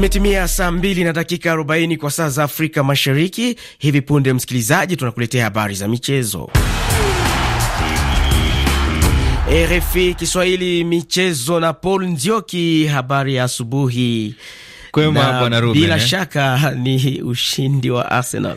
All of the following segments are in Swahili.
Imetimia saa mbili na dakika 40 kwa saa za Afrika Mashariki. Hivi punde, msikilizaji, tunakuletea habari za michezo. RFI Kiswahili michezo na Paul Nzioki. Habari ya asubuhi. Ruben, bila eh? shaka ni ushindi wa Arsenal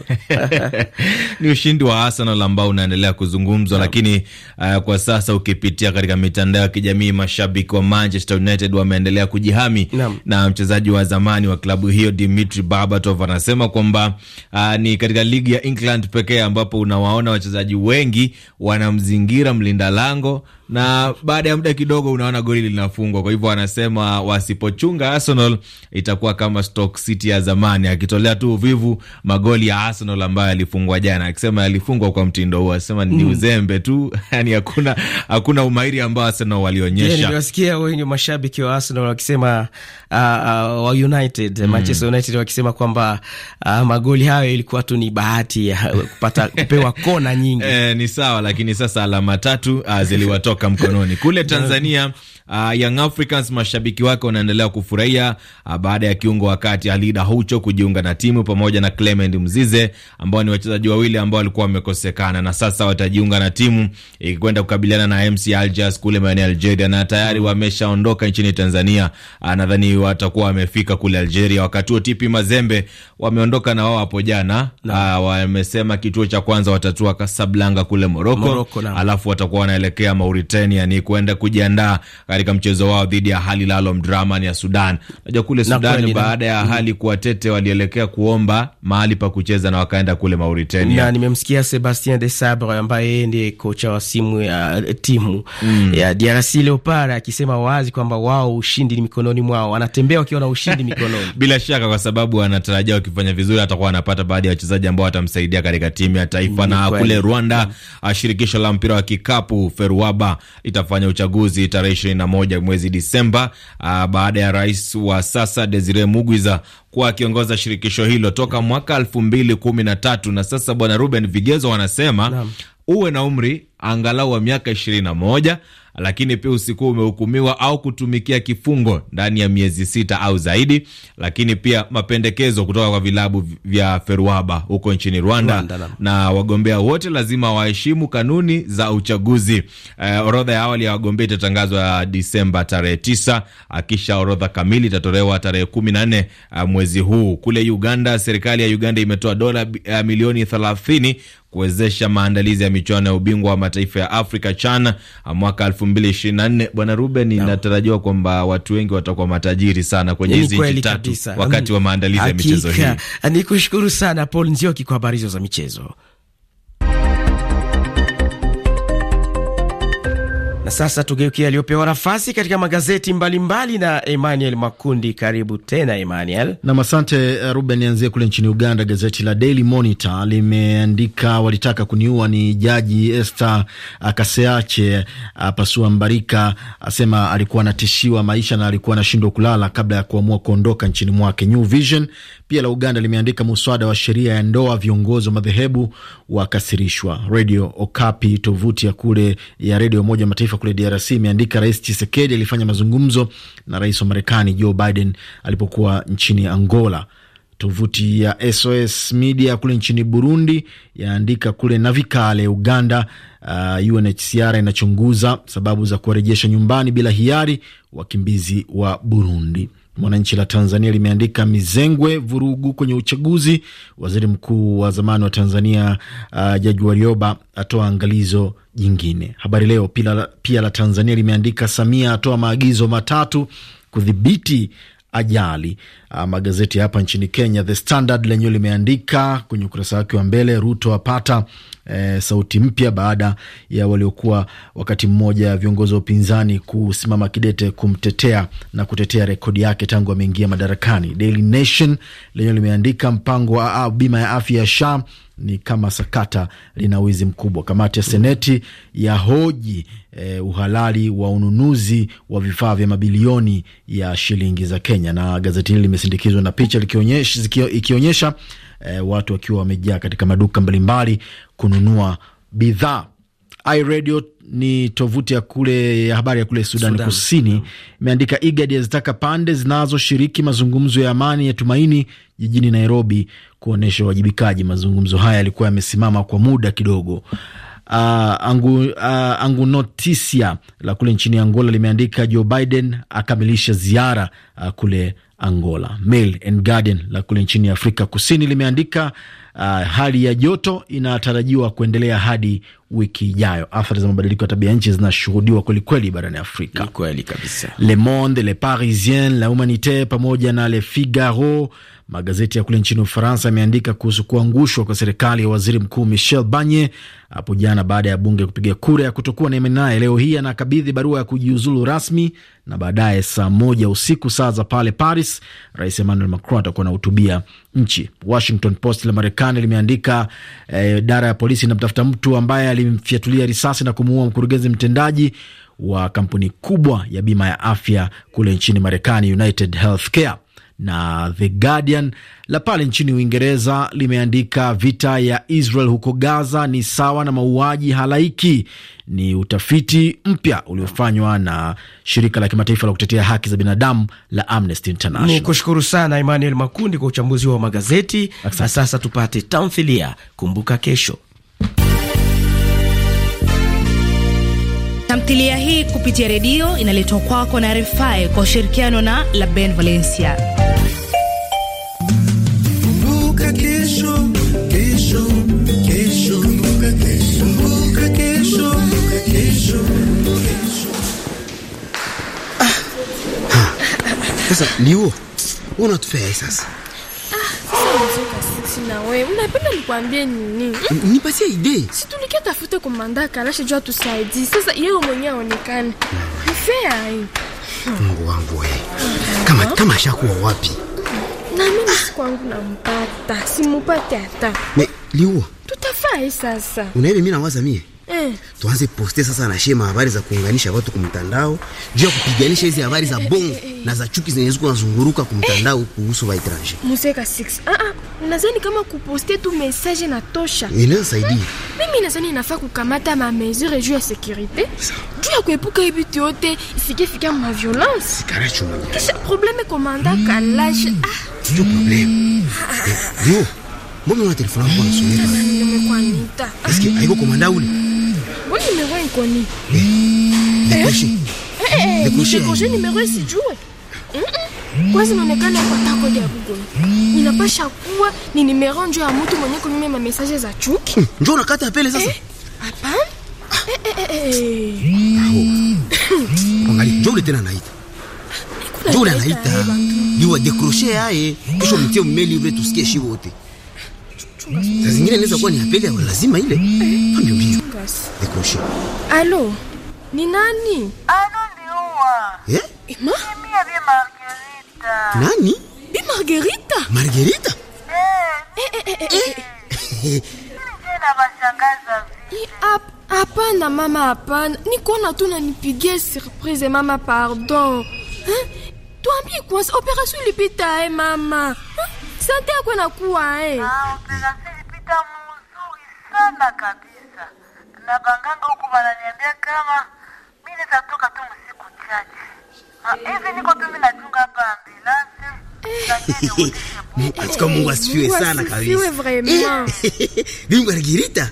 ni ushindi wa Arsenal ambao unaendelea kuzungumzwa, lakini uh, kwa sasa ukipitia katika mitandao ya kijamii mashabiki wa Manchester United wameendelea kujihami Naam. na mchezaji wa zamani wa klabu hiyo Dimitri Berbatov anasema kwamba uh, ni katika ligi ya England pekee ambapo unawaona wachezaji wengi wanamzingira mlinda lango na baada ya muda kidogo unaona goli linafungwa. Kwa hivyo wanasema wasipochunga Arsenal itakuwa kama Stoke City ya zamani, akitolea tu uvivu magoli ya Arsenal ambayo yalifungwa jana, akisema yalifungwa kwa mtindo huo, asema ni mm, uzembe tu yani hakuna hakuna umahiri ambao Arsenal walionyesha. Niwasikia yaani wengi mashabiki wa Arsenal wakisema uh, uh, wa United, mm, Manchester United wakisema kwamba uh, magoli hayo ilikuwa tu ni bahati ya kupata kupewa kona nyingi. E, ni sawa, lakini sasa alama tatu uh, ziliwatoa kutoka mkononi kule Tanzania uh, Young Africans mashabiki wake wanaendelea kufurahia uh, baada ya kiungo wakati Alida Hucho kujiunga na timu pamoja na Clement Mzize ambao ni wachezaji wawili ambao walikuwa wamekosekana na sasa watajiunga na timu ikikwenda eh, kukabiliana na MC Algiers kule maeneo ya Algeria, na tayari wameshaondoka nchini Tanzania. Uh, nadhani watakuwa wamefika kule Algeria. Wakati huo TP Mazembe wameondoka na wao hapo jana no. Uh, wamesema kituo cha kwanza watatua Casablanca kule Moroko, Moroko no. Alafu watakuwa wanaelekea Mauritania ni kuenda kujiandaa katika mchezo wao dhidi ya hali Hilal Omdurman ya Sudan. Najua kule Sudan, na baada ya hali mhm. kuwa tete, walielekea kuomba mahali pa kucheza na wakaenda kule Mauritania. Na nimemsikia Sebastien de Sabre ambaye yeye ndiye kocha wa simu ya eh, timu mm. ya DRC Leopard akisema wazi kwamba wao ushindi ni mikononi mwao, wanatembea wakiwa na ushindi mikononi bila shaka, kwa sababu anatarajia wakifanya vizuri atakuwa anapata baadhi ya wachezaji ambao watamsaidia katika timu ya taifa. Mm, na kule Rwanda, mm. ah, shirikisho la mpira wa kikapu FERWABA itafanya uchaguzi tarehe 31 mwezi Disemba, ah, baada ya rais wa sasa Desire Mugwiza kuwa akiongoza shirikisho hilo toka mwaka elfu mbili kumi na tatu na sasa, bwana Ruben Vigezo wanasema uwe na umri angalau wa miaka ishirini na moja lakini pia usikuwa umehukumiwa au kutumikia kifungo ndani ya miezi sita au zaidi. Lakini pia mapendekezo kutoka kwa vilabu vya Ferwaba huko nchini Rwanda, Rwanda na wagombea wote lazima waheshimu kanuni za uchaguzi. Eh, orodha ya awali ya wagombea itatangazwa Disemba tarehe tisa, akisha orodha kamili itatolewa tarehe kumi na nne eh, mwezi huu. Kule Uganda, serikali ya Uganda imetoa dola eh, milioni thelathini kuwezesha maandalizi ya michuano ya ubingwa wa mataifa ya Afrika CHAN mwaka 2024. Bwana Ruben, inatarajiwa kwamba watu wengi watakuwa matajiri sana kwenye hizi nchi tatu wakati wa maandalizi ya michezo hii. Nikushukuru sana Paul Nzioki kwa habari hizo za michezo. Sasa tugeukia aliyopewa nafasi katika magazeti mbalimbali mbali na Emmanuel Makundi. Karibu tena Emmanuel. Nam, asante eh, Ruben. Nianzie kule nchini Uganda, gazeti la Daily Monitor limeandika walitaka kuniua ni Jaji Esther Kaseache eh, pasua Mbarika, asema alikuwa anatishiwa maisha na alikuwa anashindwa kulala kabla ya kuamua kuondoka nchini mwake. New Vision pia la Uganda limeandika muswada wa sheria ya ndoa, viongozi wa madhehebu wakasirishwa. Radio Okapi, tovuti ya kule ya redio Umoja Mataifa kule DRC imeandika Rais chisekedi alifanya mazungumzo na rais wa Marekani Joe Biden alipokuwa nchini Angola. Tovuti ya SOS Media kule nchini Burundi yaandika kule Navikale Uganda, uh, UNHCR inachunguza sababu za kuwarejesha nyumbani bila hiari wakimbizi wa Burundi. Mwananchi la Tanzania limeandika mizengwe vurugu kwenye uchaguzi. Waziri mkuu wa zamani wa Tanzania uh, Jaji Warioba atoa angalizo jingine. Habari Leo pia, pia la Tanzania limeandika Samia atoa maagizo matatu kudhibiti ajali uh, magazeti hapa nchini Kenya. The Standard lenyewe limeandika kwenye ukurasa wake wa mbele, Ruto apata E, sauti mpya baada ya waliokuwa wakati mmoja viongozi wa upinzani kusimama kidete kumtetea na kutetea rekodi yake tangu ameingia madarakani. Daily Nation lenyewe limeandika mpango wa ah, bima ya afya ya SHA ni kama sakata lina wizi mkubwa. Kamati ya Seneti ya hoji e, eh, uhalali wa ununuzi wa vifaa vya mabilioni ya shilingi za Kenya, na gazeti hili limesindikizwa na picha ikionyesha eh, watu wakiwa wamejaa katika maduka mbalimbali kununua bidhaa. iRadio ni tovuti ya kule ya habari ya kule Sudan, Sudan Kusini imeandika yeah. IGAD yazitaka pande zinazoshiriki mazungumzo ya amani ya tumaini jijini Nairobi kuonyesha uwajibikaji. Mazungumzo haya yalikuwa yamesimama kwa muda kidogo. Uh, angu, uh, angu notisia la kule nchini Angola limeandika Joe Biden akamilisha ziara uh, kule Angola. Mail and Guardian la kule nchini Afrika Kusini limeandika uh, hali ya joto inatarajiwa kuendelea hadi wiki ijayo. Athari za mabadiliko ya tabia nchi zinashuhudiwa kwelikweli barani Afrika. Kweli kabisa. Le Monde, Le Parisien, La Humanite pamoja na Le Figaro Magazeti ya kule nchini Ufaransa yameandika kuhusu kuangushwa kwa serikali ya waziri mkuu Michel Barnier hapo jana baada ya bunge kupiga kura ya kutokuwa na imani naye. Leo hii anakabidhi barua ya kujiuzulu rasmi, na baadaye saa moja usiku saa za pale Paris, Rais Emmanuel Macron atakuwa anahutubia nchi. Washington Post la Marekani limeandika eh, idara ya polisi inamtafuta mtu ambaye alimfyatulia risasi na kumuua mkurugenzi mtendaji wa kampuni kubwa ya bima ya afya kule nchini Marekani, United Healthcare na The Guardian la pale nchini Uingereza limeandika vita ya Israel huko Gaza ni sawa na mauaji halaiki. Ni utafiti mpya uliofanywa na shirika la kimataifa la kutetea haki za binadamu la Amnesty International. Ni kushukuru sana Emmanuel Makundi kwa uchambuzi wa magazeti. Na sasa tupate tamthilia, kumbuka kesho. Tamthilia hii kupitia redio inaletwa kwako na RFI kwa ushirikiano na La Ben Valencia. Sasa ni huo unatufea sasa unapenda nikwambie nini? Nipatie idee. Si tulikia tafute komanda Kalashe jua tusaidie. Sasa yeye mwenyewe aonekane. Mfea hii. Eh? Mungu wangu wewe. Kama kama ashakuwa wapi? Na mimi si kwangu nampata. Simupate hata. Me, liua. Tutafai sasa. Unaelewa mimi nawaza mie? Eh, tuanze poste sasa na shema habari za kuunganisha watu kumtandao juu ya kupiganisha hizi habari za eh, eh, bongo eh, eh, eh, na za chuki zenye ziko nazunguluka kumtandao eh, kuhusu wa etranger. Museka 6. Ah ah, nadhani kama kuposte tu message na tosha. Inasaidia. Hmm? Eh, mimi nadhani nafaa kukamata ma mesure juu ya securite. Juu ya kuepuka hivi yote isije ma violence. Sikara chuma. Kisha probleme komanda mm, kalash. Ah, ndio probleme. Yo. Mbona una telefoni ah, kwa nasunika? Nimekuanita. Eske haiko komanda ule? Wewe eh, eh, eh, nimewahi kwa nini? Nikoshe nimewahi sijue. Kwanza inaonekana kwa tako ya Google. Inapasha kuwa ni nimero njo ya mtu mwenye kunime ma message za chuki. Hmm, njoo nakata apele sasa. Hapana. Angalia, ah. hmm. njoo tena naita. Njoo naita. Niwa décrocher aye. Kisha mtie mume livre tusikie shi wote. Saa kuwa ni apele lazima ile. Ndio Mwangazi. Nikoshe. Alo. Ni nani? Alo Liua. Eh? Eh, Mimi ya Margarita. Nani? Bi Margarita? Margarita? Eh. Eh, eh, eh. eh. eh. Bashangaza eh. vile. Eh, hapana mama, hapana. Nikuona tu nanipigia surprise mama, pardon. Hein? Tuambie kwanza operation ilipita eh mama. Sante yako inakuwa eh. Ah, operation ilipita mzuri sana kabisa na banganga huku wananiambia kama mimi nitatoka tu msiku chache ah, eh. hivi, niko tu mimi nachunga hapa ambulance katika. Eh, Mungu asifiwe sana kabisa, Mungu aligirita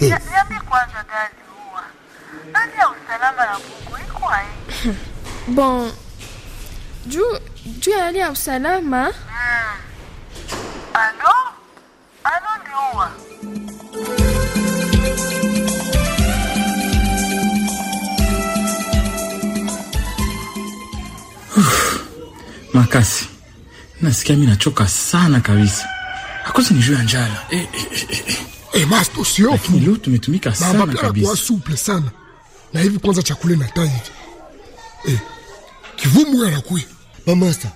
niambie eh. kwanza, dadi huwa hali ya usalama na Mungu iko aje? Bon, juu juu ya hali ya usalama kasi. Nasikia mimi nachoka sana kabisa. Akosi ni juu ya njala. Eh, eh, eh, eh. Eh, eh Lakini leo tumetumika sana kabisa. Kwa suple sana. Na hivi kwanza na Eh. Kivumu Ba master.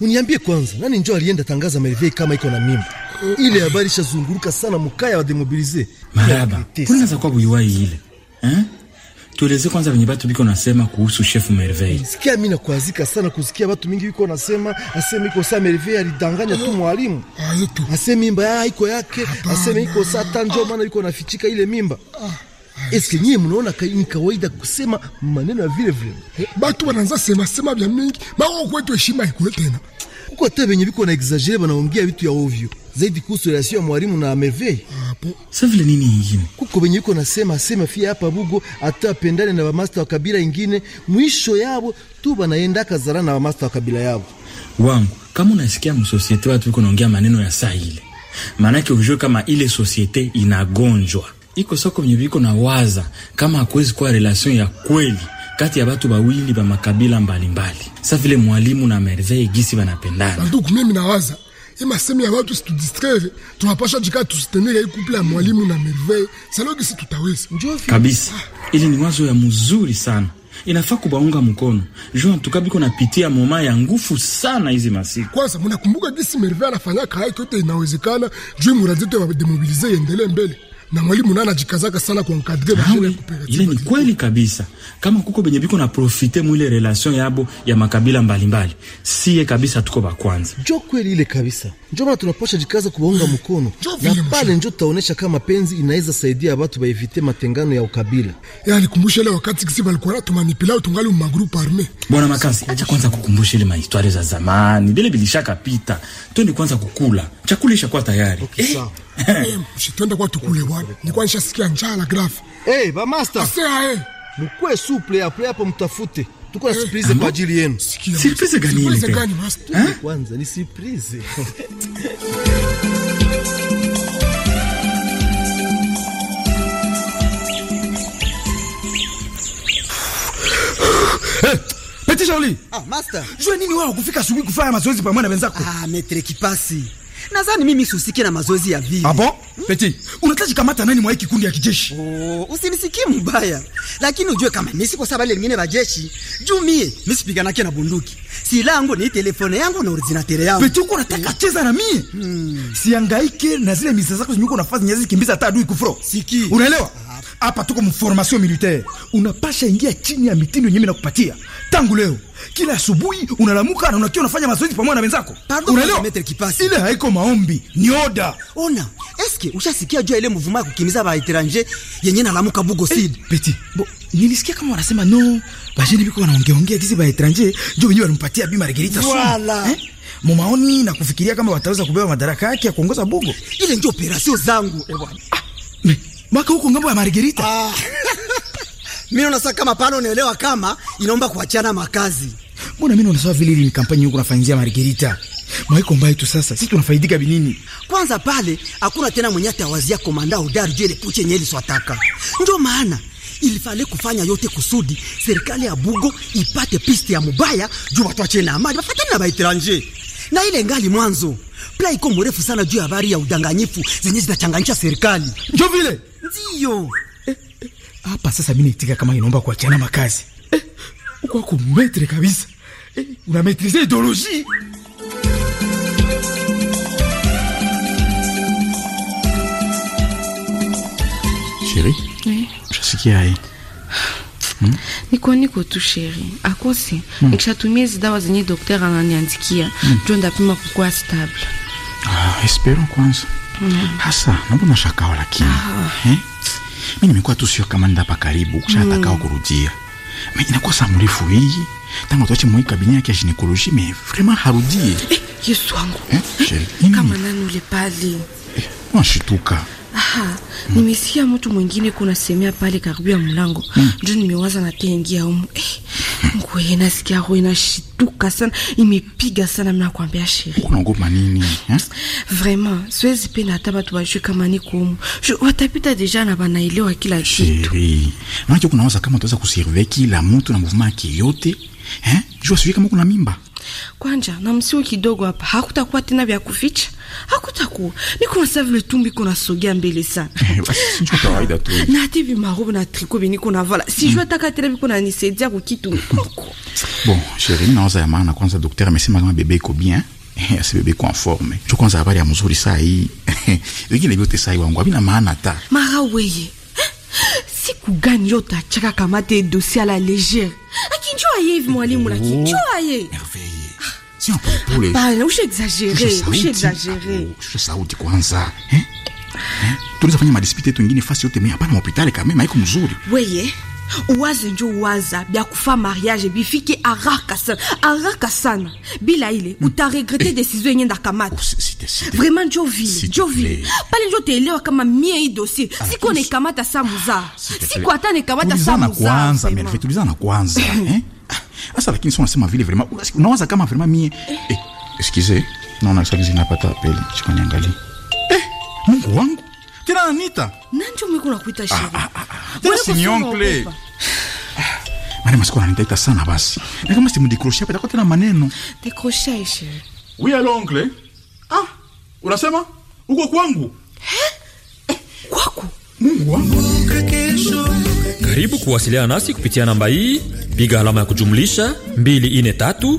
Uniambie kwanza, nani njoo alienda tangaza Merveille kama iko na mimba? Ile habari shazunguruka sana mukaya wa demobilize. Maraba. Kuna kwa buiwai ile. Eh? Tueleze kwanza venye batu biko nasema kuhusu chef Merveille. Sikia, mimi nakuazika sana kusikia batu mingi biko nasema, aseme iko saa Merveille alidanganya tu mwalimu, ah, ah, aseme mimba ya ah, iko yake, aseme iko saa tanjo, maana iko nafichika ile mimba. Eske nyie mnaona ni kawaida kusema maneno ya vile vile? Eh, batu wananza sema sema vya mingi, bao kwetu heshima iko tena uko tena, venye biko na exagere, ongea vitu ya ovyo zaidi kuhusu relasio ya mwalimu na Merveille. Hapo sasa vile nini nyingine kuko benye yuko nasema sema fia hapa bugo atapendane na bamasta wa kabila ingine, mwisho yabo tu banaenda kazara na bamasta wa kabila yabo. Wangu kama unasikia msosiete watu wiko naongea maneno ya saa ile, maanake ujue kama ile sosiete inagonjwa iko soko venye viko na waza kama hakuwezi kuwa relation ya kweli kati ya batu bawili ba makabila mbalimbali. Sasa vile mwalimu na Merveille gisi banapendana, ndugu, mimi nawaza hii masemi ya watu situdistraire, tunapasha jika tusitenere hii kuple ya mwalimu na merveille salogi, si tutaweza kabisa. Ili ni wazo ya mzuri sana, inafaa kubaunga mkono Jean tukabiko napitia moma ya ngufu sana hizi masiku. Kwanza mnakumbuka gisi merveille anafanya kazi yote inawezekana juu muradi wa demobilize iendelee mbele na mwalimu naye anajikazaka sana kwa ba kuankadre ile. Ni kweli kabisa, kama kuko benye biko na profite mwile relation yabo ya makabila mbalimbali, siye kabisa tuko ba kwanza, njo kweli ile kabisa, njo maana tunaposha jikaza kubaunga ah. mkono na pale njo taonesha kama penzi inaweza saidia watu evite matengano ya ukabila. Yani kumbusha ile wakati kisi balikuwa natumanipilao tungali mumagrupu arme. Bwana Makasi, acha kwanza kukumbusha ile mahistoria za zamani, bile bilishaka bilishakapita, twende kwanza kukula chakulisha kwa tayari okay, eh? Eh, Mshitwenda kwa tukule bwana. Nilikuwa nishasikia njaa la grafu. Eh, ba master. Asea ah, eh. Mkwe suple aple hapo mtafute. Tuko na eh, surprise kwa ah, ajili yenu. Surprise gani ile? Surprise gani master? Kwanza ni surprise. Petit Shauli. Ah, master. Jua nini wao kufika asubuhi kufanya mazoezi pamoja na wenzako? Ah, metre kipasi. Nadhani mimi sihusiki na mazoezi ya vile. Hapo? Hmm? Peti, unataka kamata nani mwa hiki kundi ya kijeshi? Oh, usinisikie mbaya. Lakini ujue kama mimi siko sawa ile nyingine ba jeshi. Juu mie, mimi sipigana na bunduki. Silaha yangu ni telefone yangu na ordinateur yangu. Peti, uko unataka hmm. cheza na mimi? Hmm. Siangaike na zile misa zako zinyuko fazi nyazi kimbiza hata adui kufro. Siki. Unaelewa? Hapa tuko mformation militaire. Unapasha ingia chini ya mitindo yenyewe nakupatia. Tangu leo. Kila asubuhi unalamuka na unakiwa unafanya mazoezi pamoja na wenzako. Unaelewa? Ile haiko maombi, ni oda. Ona, eske ushasikia jua ile mvuma ya kukimiza ba etranger yenye nalamuka Bugo eh, Sid. Hey, Beti, bo, nilisikia kama wanasema no, bajeni biko wanaongea ongea gizi ba etranger, ndio wenyewe walimpatia Bi Margarita sana. Wala. Eh? Mumaoni na kufikiria kama wataweza kubeba madaraka yake ya kuongoza Bugo. Ile ndio operasio zangu. Eh, bwana. Ah, mwaka huko ngambo ya Margarita. Ah. Mimi naona sasa kama pano unaelewa kama inaomba kuachana makazi. Mbona mimi naona sasa vile ni kampeni huko nafanyia Margarita. Mwaiko mbaya tu sasa. Sisi tunafaidika binini? Kwanza pale hakuna tena mwenye atawazia komanda udari jele puche nyeli swataka. Ndio maana ilifale kufanya yote kusudi serikali ya Bugo ipate piste ya mubaya juu watu wache na amani bafatane na baitranje. Na ile ngali mwanzo. Pla iko mrefu sana juu ya habari ya udanganyifu zenye zinachanganyisha serikali. Ndio vile. Ndio hapa sasa. Mimi nitika kama inaomba kuachana makazi eh, uko metre kabisa eh, una maitrize ideologie Sheri eh, chasikia hai Hmm? Niko niko tu sheri akosi hmm. Nikishatumia hizi dawa zenye daktari ananiandikia hmm. Ndio ndapima kukua stable. Ah, espero kwanza hmm. hasa hmm. Nambona shakao lakini ah. eh? mi nimekuwa tu sio kama nda karibu kushatakao hmm. mm. kurujia mimi inakuwa saa mrefu hii tangu tuache mwika binya yake ashinikurushi me vraiment harudie eh, Yesu wangu eh, eh sheri kama nani ule pali eh, nashituka Aha, mm. nimesikia mtu mwingine kuna semea pale karibu ya mlango mm. ndio nimewaza na umu eh, Ngoyena sikia roho inashituka sana, imepiga sana. Mnakwambia sheria unaogopa nini Vraiment siwezi penda hata watu wajue kama niko watapita deja na wanaelewa kila kitu. Maana kuna waza kama tutaweza kusurveiller kila mutu na mouvement yake yote eh, jua sijui kama kuna mimba Kwanja na msiu kidogo hapa, hakutakuwa tena vya kuficha, hakutakuwa niko na vile tumbi kuna nasogea mbele sana eh, kawaida tu na hati vi marobe na triko bini kuna vala si hmm. je taka tena viko na nisaidia kwa kitu bon chérie, naoza ya maana kwanza, daktari amesema kama bebe iko bien asi eh, bebe iko forme, cho kwanza habari ya mzuri saa hii wengine vyote saa hii wangu havina maana ta mara weye siku gani yote achaka kamate dosia la légère akijua yevi hivi mwalimu lakijua oh, ye Hervé Sio polepole. Bali ushaexagere, ushaexagere. Shusha sauti kwanza. Eh? Tunaweza fanya madispute yetu ingine fasi yote, mimi hapana hospitali kama mimi haiko mzuri. Weye, uwaze njo uwaza bya kufa mariage bifike haraka sana, haraka sana. Bila ile utaregrete eh. decision yenye ndakamata. Vraiment njo vile, njo vile. Pale njo utaelewa kama mie hii dossier siko naikamata sa muzaa. Siko hata naikamata sa muzaa. Kwanza, mimi tulizana kwanza, eh? Sasa lakini sio unasema vile vrema, unawaza kama vrema mie eh, eskize naona sakizi napata apeli chikwa niangalie. Eh, Mungu wangu tena anita nanjo mimi kuna kuita ah, shida ah, ah, ah. tena siniongele mane masiko ananitaita sana basi na kama simudikroshia patakuwa tena maneno dekrosha sheri. Oui alo oncle, eh? ah, unasema uko kwangu eh? Eh, kwako Mungu wangu karibu kuwasiliana nasi kupitia namba hii, piga alama ya kujumlisha 243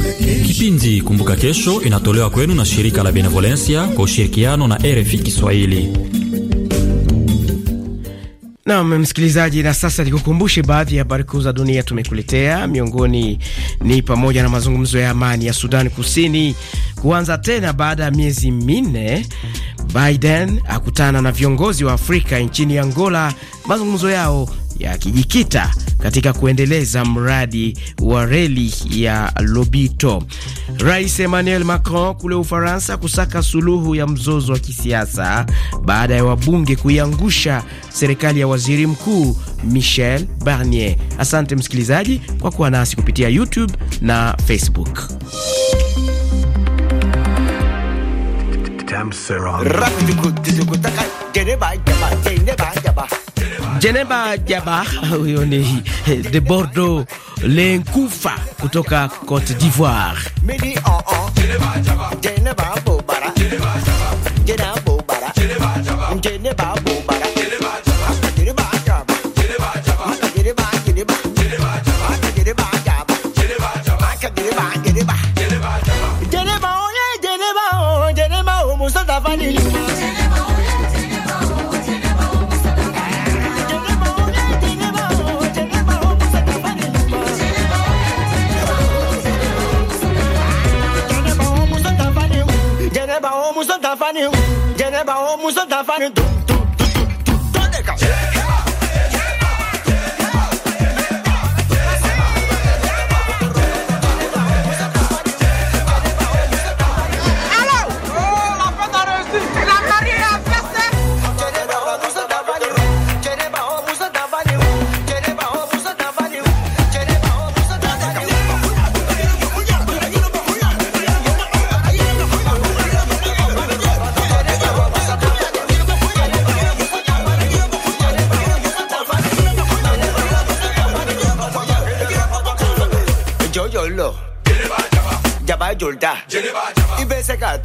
kipindi Kumbuka Kesho inatolewa kwenu na shirika la Benevolencia kwa ushirikiano na RFI Kiswahili. Nam msikilizaji, na sasa nikukumbushe baadhi ya habari kuu za dunia tumekuletea. Miongoni ni pamoja na mazungumzo ya amani ya Sudan Kusini kuanza tena baada ya miezi minne. Biden akutana na viongozi wa Afrika nchini Angola, mazungumzo yao yakijikita katika kuendeleza mradi wa reli ya Lobito. Rais Emmanuel Macron kule Ufaransa kusaka suluhu ya mzozo wa kisiasa baada ya wabunge kuiangusha serikali ya waziri mkuu Michel Barnier. Asante msikilizaji kwa kuwa nasi kupitia YouTube na Facebook. Jeneba Jaba, huyo ni eh, de Bordeaux Lenkufa kutoka Cote d'Ivoire. Oh, oh.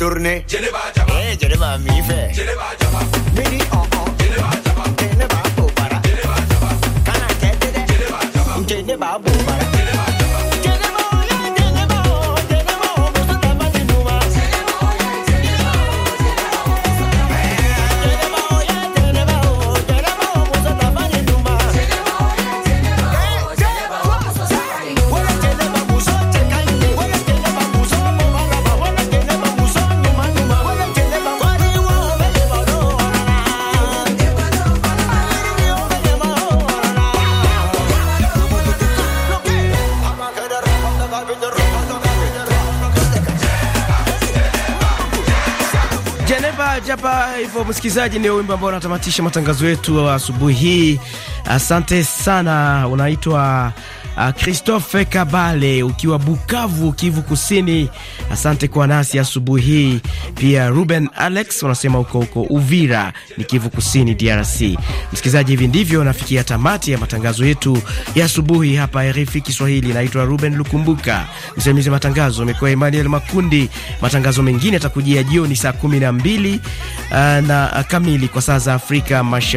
tournée. moja hapa hivyo, msikilizaji, ndio wimbo ambao unatamatisha matangazo yetu asubuhi hii. Asante sana, unaitwa Ah, Christophe Kabale ukiwa Bukavu, Kivu Kusini, asante kwa nasi asubuhi hii. Pia Ruben Alex unasema uko huko Uvira ni Kivu Kusini, DRC. Msikilizaji, hivi ndivyo nafikia tamati ya matangazo yetu ya asubuhi hapa RFI Kiswahili. Naitwa Ruben Lukumbuka, msimamizi matangazo amekuwa Emmanuel Makundi. Matangazo mengine yatakujia jioni saa 12 ah, na kamili kwa saa za Afrika Mashariki.